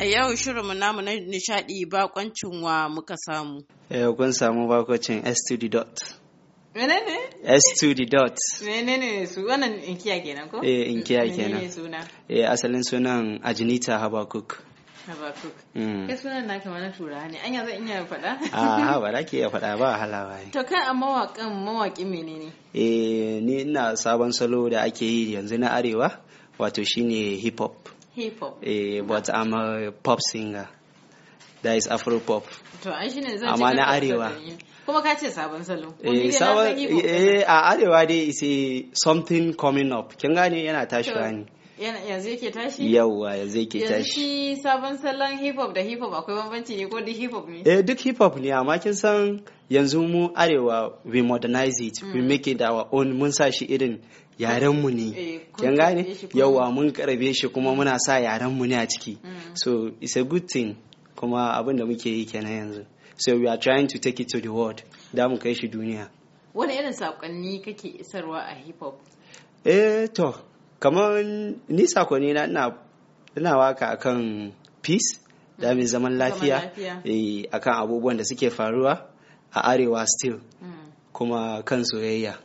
A yau shirinmu namu na nishadi bakoncin wa muka samu. Yau eh, kun samu bakoncin S2 the dot. Menene? S2 the dot. Menene su wannan inkiya kenan ko? Eh inkiya kenan. Menene suna? Eh asalin sunan Ajinita Habakuk. Habakuk. Mm. Kai sunan na kama na tura ne. Anya zan iya faɗa? Ah, a ba da ke iya faɗa ba hala ne. To kai a mawakan mawaƙi menene? Eh ni ina sabon salo da ake yi yanzu na arewa wato shine hip hop. hip hop eh but I'm a pop singer that is afro pop to ai shine zan amma na arewa kuma ka ce sabon salo eh sabon eh, eh a arewa dai is something coming up kin gane yana tashiwa ne yanzu yake tashi yawwa yanzu yake tashi yanzu shi sabon salon hip hop da hip hop akwai bambanci ne ko duk hip hop ne eh duk hip hop ne amma kin san yanzu mu arewa we modernize it we hmm. make it our own mun sa shi irin yarenmu ne eh, kin gane yawa mun karabe shi kuma muna sa yarenmu ne a ciki mm. so it's a good thing kuma abin da muke yi kenan yanzu so we are trying to take it to the world da mu kai shi duniya wani irin sakonni kake isarwa a hip hop eh to kamar ni sakonni na ina ina waka akan peace mm. da mai zaman lafiya eh, akan abubuwan da suke faruwa a arewa still mm. kuma kan soyayya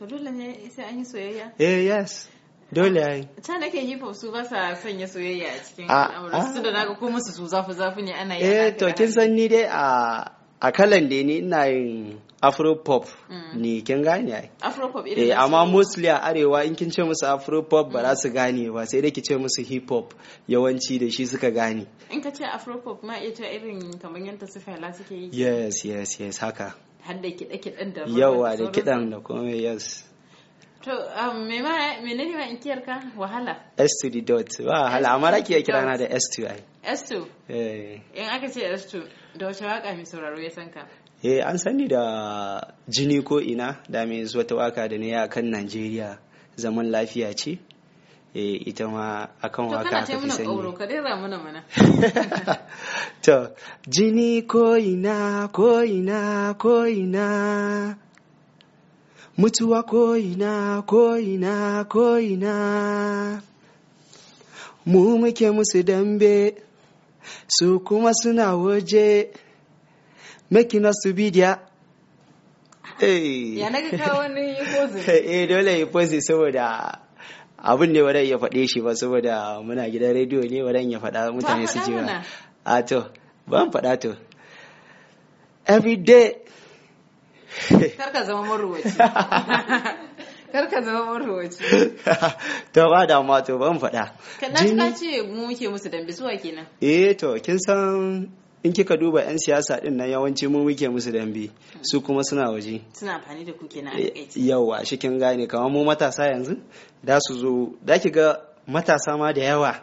to dole ne sai an yi soyayya eh yes dole yayi ta nake yi su ba sa sanya soyayya a cikin ah, al'amuran su ah. da naga ko musu su zafi zafi ne ana yi eh to kin san ni dai a a kalan da ni ina yin afropop mm. ne kin gane ai afropop eh amma mostly a arewa in kin ce musu afro-pop ba za mm. su gane ba sai dai ki ce musu hip hop yawanci da shi suka gane in ka ce afro-pop ma iya ta irin kamar yanta su fela suke yi yes yes yes haka hadda kiɗe-kiɗen da yawa da kiɗan da kuma yes to um, me ma menene ma inkiyar ka wahala s2 dot ba wahala amma da ke kira na da s2 ai s2 eh in aka ce s2 da wace waka mai sauraro ya san ka eh an sani da jini ko ina da mai wata waka da ne kan Najeriya zaman lafiya ce e ita ma akan waka aka fi sani ka dai mana mana to jini ko ina ko ina ko ina mutuwa ko ina ko ina ko ina mu muke musu dambe su kuma suna waje making us to ya naga kawo ne yi pose eh dole yi pose saboda abin ne wadan ya faɗe shi ba saboda muna gidan rediyo ne wadan ya faɗa mutane su ji ba a to ban faɗa to every day karka zama marowaci karka zama marowaci to ba da ma to ban faɗa kana ka ce mu ke musu dambe suwa kenan eh to kin san in kika duba 'yan siyasa din nan yawanci mu muke musu dambe su kuma suna waje suna amfani da kuke na eh, yawa shi kin gane kamar mu matasa yanzu da su zo da ki ga matasa ma da yawa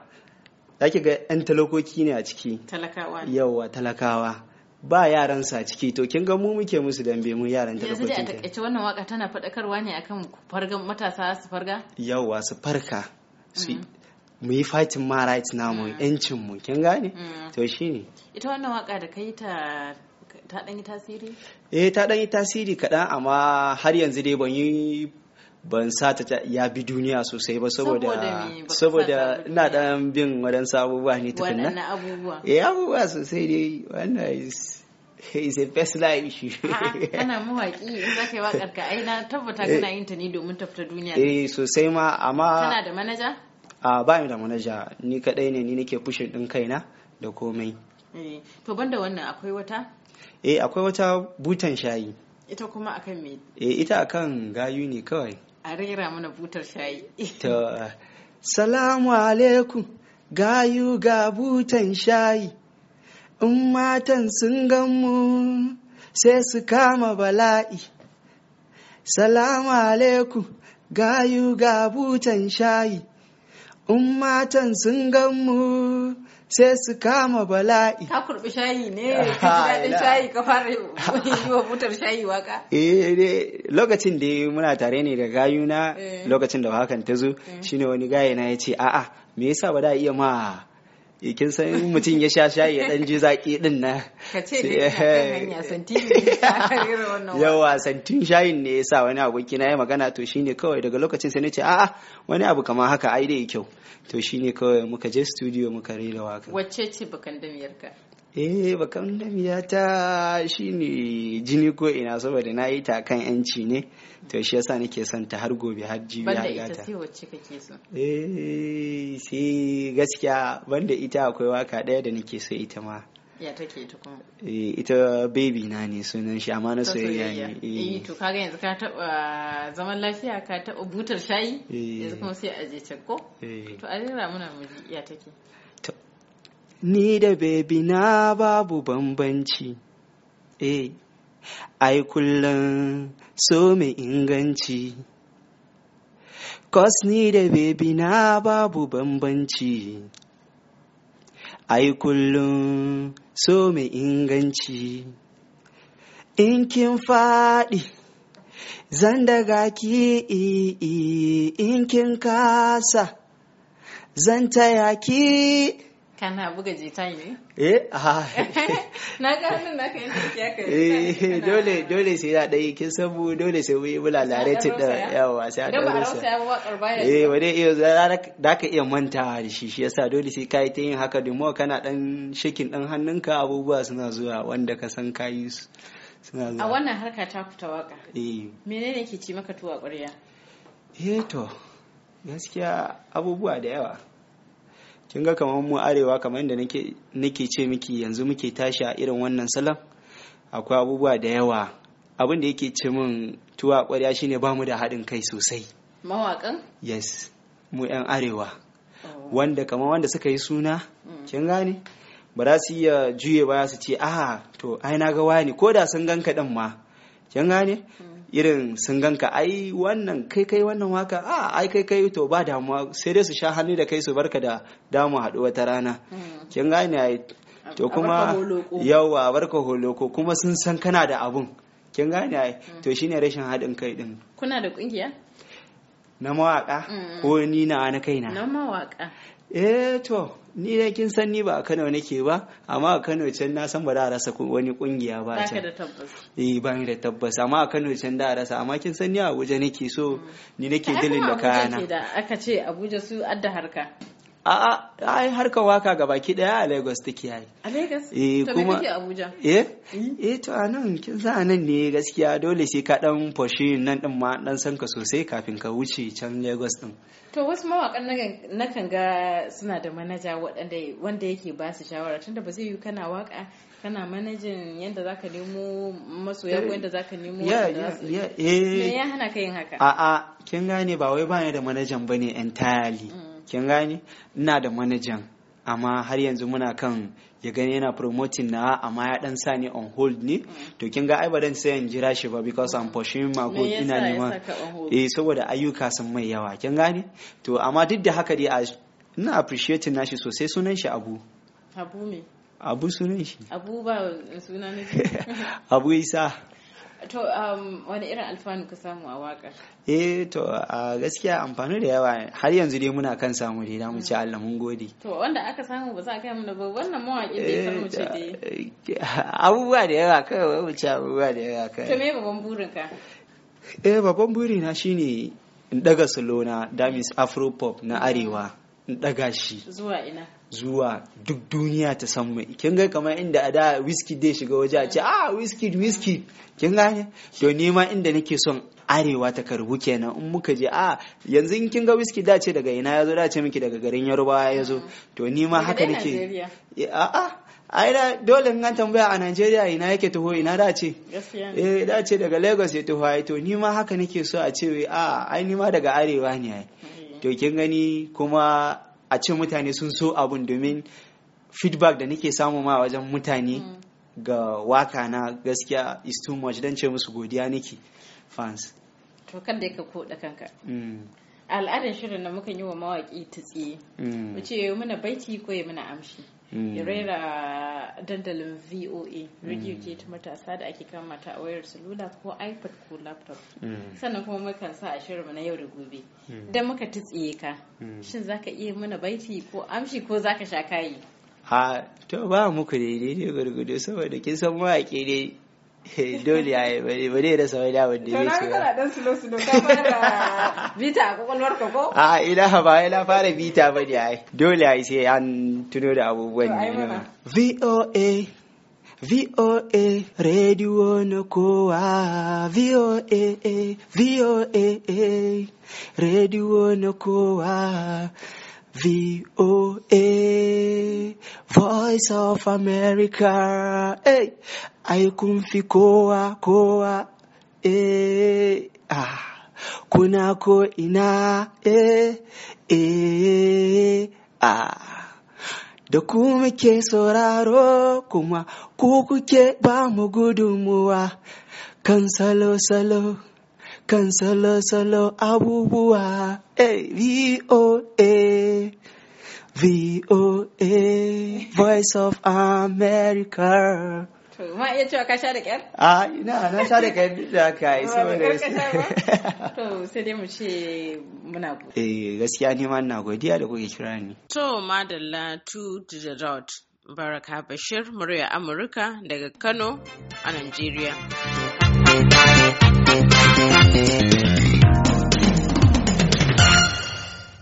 da ki ga 'yan talakoki ne a ciki talakawa yawa talakawa ba yaran sa ciki to kin ga mu muke musu dambe mu yaran talakoki yanzu da a wannan waka tana faɗakarwa ne akan fargan matasa su farga yawa su farka mm-hmm. mu yi fatin ma right namu mm. yancin mu kin gane mm. to ne. ita wannan waka da kai ta ta dan yi tasiri eh ta dan yi tasiri kaɗan amma har yanzu dai ban yi ban sa ta ya bi duniya sosai ba saboda saboda ina dan bin waɗansu abubuwa ne tukunna waɗannan abubuwa eh abubuwa sosai dai wannan is a best life shi kana mawaki in za ka yi wakar ka ai na tabbata kana eh. yin ta ne domin tafta duniya eh sosai ma amma kana da manaja a ba ni da manaja ni kadai ne ni nake pushin din kaina da komai eh, to banda wannan akwai wata eh akwai wata butan shayi ita kuma akan me eh ita akan gayu ne kawai a rera mana butar shayi to salamu alaikum gayu ga butan shayi in matan sun mu sai su kama bala'i salamu alaikum gayu ga butan shayi in matan sun gan mu sai su kama bala'i ka kurbi shayi ne ka ji daɗin shayi ka fara yi wa butar shayi waka eh lokacin da muna tare ne da gayuna eh. lokacin da wakan ta zo eh. shine wani gayana ya ce a'a me yasa ba da iya ma Eh, kin san mutum ya sha shayi ya dan ji zaki din na ka ce eh, yawa santin shayin ne yasa wani aboki na ya magana to shine kawai daga lokacin sai nace a'a wani abu kamar haka ai dai kyau to shine kawai muka je studio muka rera waka wacce ce bakan damiyar ka eh bakan damiyar ta shine jini ko ina saboda na yi ta kan yanci ne to shi yasa nake son ta har gobe har jibi har gata banda ita sai wacce kake so eh sai gaskiya banda ita akwai waka ɗaya da nake so ita ma ya take ta kuma. Eh, ita baby na ne sunan shi amma na soyayya ne eh. eh to kaga yanzu ka taba zaman lafiya ka taba butar shayi eh. yanzu kuma sai a je can ko to a jira muna miji ya take ni da baby na babu bambanci eh ai kullum so mai inganci Kos ni da bebi na babu bambanci. Ai kullum so mai inganci. In kin faɗi, zan daga ki in kin kasa, zan taya ki kana buga jita ne? eh na ga hannun na ka yanke ya kai dole dole sai da dai kin san mu dole sai mu yi bulalare ta da yawa sai a dole sai eh wani iya da ka iya manta da shi shi yasa dole sai kai ta yin haka domin kana dan shakin dan hannunka abubuwa suna zuwa wanda ka san kayi suna zuwa a wannan harka ta fita waka eh menene ke ci maka tuwa ƙwarya eh to gaskiya abubuwa da yawa kin ga kamar mu arewa kamar yadda nake ce miki yanzu muke tashi a irin wannan salon akwai abubuwa da yawa abin da yake ce min tuwa kwarya shine bamu da haɗin kai sosai mawaƙan yes mu yan arewa oh. wanda kamar wanda suka yi suna mm. kin gane ba za su iya juye ba su ce ah to ai na ga wani ko da sun ganka din ma kin gane mm. irin sun ganka ai wannan kai kai wannan waka a ah, ai kai kai to ba damuwa sai dai su sha hannu da kai su barka da damu haɗu wata rana hmm. kin gane ai to kuma yawa barka holoko kuma sun san kana da abun kin gane ai hmm. to shine rashin haɗin kai din kuna da kungiya na mawaka hmm. ko ni na na kaina na mawaka eh to ni dai kin san ni ba a Kano nake ba amma a Kano can na san ba da rasa wani kungiya ba can da tabbas eh ba ni da tabbas amma a Kano can da rasa amma kin san ni a Abuja nake so ni nake dilin da kayana aka ce Abuja su adda harka a'a ai harkar waka ga baki daya a Lagos take yayi a Lagos eh kuma Abuja eh hmm? eh to anan kin za nan ne gaskiya dole sai ka dan foshi nan din ma dan san ka sosai kafin ka wuce can Lagos din to wasu mawakan na kan ga suna da manaja waɗanda wanda yake ba su shawara tunda ba zai yi kana waka kana manajin yadda zaka nemo masoya ko eh, yadda zaka nemo ya ya eh me ya hana ka yin haka a'a kin gane ba wai ba da manajan bane entirely hmm. kin gani ina da manajan amma har yanzu muna kan ya gani yana promoting na amma ya dan sa ni on hold ne to kin ga ai ba dan sai in jira shi ba because I'm pursuing my goal ina neman eh saboda ayyuka sun mai yawa kin gane to amma duk da haka dai ina appreciating nashi sosai sunan shi Abu Abu me Abu sunan shi Abu ba sunan ne Abu Isa To um, wani irin alfanu ka samu a waƙar? Eh to a gaskiya amfani da yawa har yanzu dai muna kan samu dai da mu ci Allah mun gode. To wanda aka samu ba za ka yi ba wannan mawaƙi dai ya mu ce eh, dai. Abubuwa da yawa kawai mu ci abubuwa da yawa kai. To me babban burin ka? Eh babban burina shine in daga sulona Damis means afro pop na arewa. daga shi zuwa ina zuwa duk duniya ta san mai kin ga kamar inda a da whisky dai shiga waje a ce ah whisky whisky kin ga ne to ni ma inda nake son arewa ta karbu kenan in muka je "Ah, yanzu in kin ga whisky da ce daga ina yazo da ce miki daga garin yaruba yazo to ni ma haka nake a eh, a ai dole in an tambaya a Najeriya ina yake taho ina da ce eh da ce daga Lagos ya taho ai to ni ma haka nake so a ce a ah, ai ni ma daga arewa ne ai mm. to kin gani kuma a ce mutane sun so abun domin feedback da nake samu ma wajen mutane mm. ga waka na gaskiya is too much don ce musu godiya nake fans to kan da ka da kanka mm. al'adar shirin na muka yi wa mawaki ta tsiye mm. mu ce muna baiti ko ya muna amshi Mm. rera dandalin voa radio ke mm. ta matasa da ake kama ta a wayar salula ko ipad ko laptop mm. sannan kuma mukan sa a shirinmu na yau da gobe idan muka titsiye ka shin ka iya mana baiti ko amshi ko za ka sha kayi ha to ba muku daidai gwargwado saboda kin san mawaƙi dai dole ya yi ba dai rasa wani abin da ya ce ba. dan sulo sulo ka fara bita a kwakwalwar ka ko? A ah, ina ba ina fara bita ba ne ai. Dole ya yi sai an tuno da abubuwan ne. VOA VOA Radio na kowa VOA VOA Radio na kowa VOA Voice of America hey, ai kun fi kowa kowa eh ah kuna ko ina eh eh ah da ku muke sauraro kuma ku kuke ba mu gudunmuwa kan salo-salo kan salo-salo abubuwa eh voa voa voice of america To ma iya cewa ka sha da ƙyar? A ina na sha da kyar da ka yi da saboda To sai dai mu ce muna godiya. Eh gaskiya ni ma ina godiya da kuke kira ni. To madalla to the dot. Baraka Bashir, murya Amurka daga Kano a Najeriya.